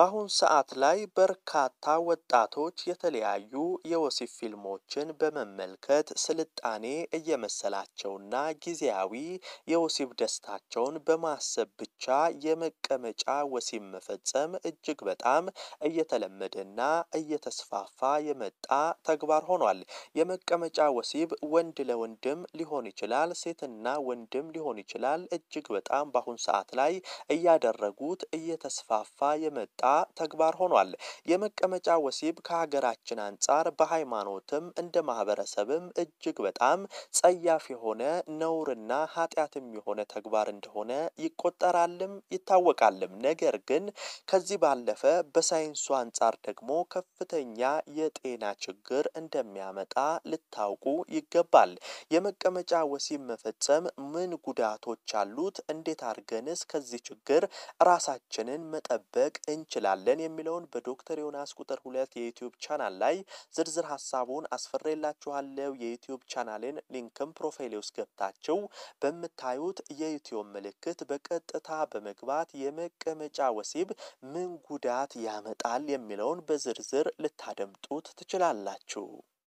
በአሁን ሰዓት ላይ በርካታ ወጣቶች የተለያዩ የወሲብ ፊልሞችን በመመልከት ስልጣኔ እየመሰላቸውና ጊዜያዊ የወሲብ ደስታቸውን በማሰብ ብቻ የመቀመጫ ወሲብ መፈጸም እጅግ በጣም እየተለመደና እየተስፋፋ የመጣ ተግባር ሆኗል። የመቀመጫ ወሲብ ወንድ ለወንድም ሊሆን ይችላል፣ ሴትና ወንድም ሊሆን ይችላል። እጅግ በጣም በአሁን ሰዓት ላይ እያደረጉት እየተስፋፋ የመጣ ተግባር ሆኗል። የመቀመጫ ወሲብ ከሀገራችን አንጻር በሃይማኖትም እንደ ማህበረሰብም እጅግ በጣም ጸያፍ የሆነ ነውርና ኃጢአትም የሆነ ተግባር እንደሆነ ይቆጠራልም ይታወቃልም። ነገር ግን ከዚህ ባለፈ በሳይንሱ አንጻር ደግሞ ከፍተኛ የጤና ችግር እንደሚያመጣ ልታውቁ ይገባል። የመቀመጫ ወሲብ መፈጸም ምን ጉዳቶች አሉት? እንዴት አድርገንስ ከዚህ ችግር ራሳችንን መጠበቅ እንችላለን? እንችላለን የሚለውን በዶክተር ዮናስ ቁጥር ሁለት የዩቲዩብ ቻናል ላይ ዝርዝር ሀሳቡን አስፈሬላችኋለሁ። የዩቲዩብ ቻናልን ሊንክም ፕሮፋይሌ ውስጥ ገብታችሁ በምታዩት የዩቲዩብ ምልክት በቀጥታ በመግባት የመቀመጫ ወሲብ ምን ጉዳት ያመጣል የሚለውን በዝርዝር ልታደምጡት ትችላላችሁ።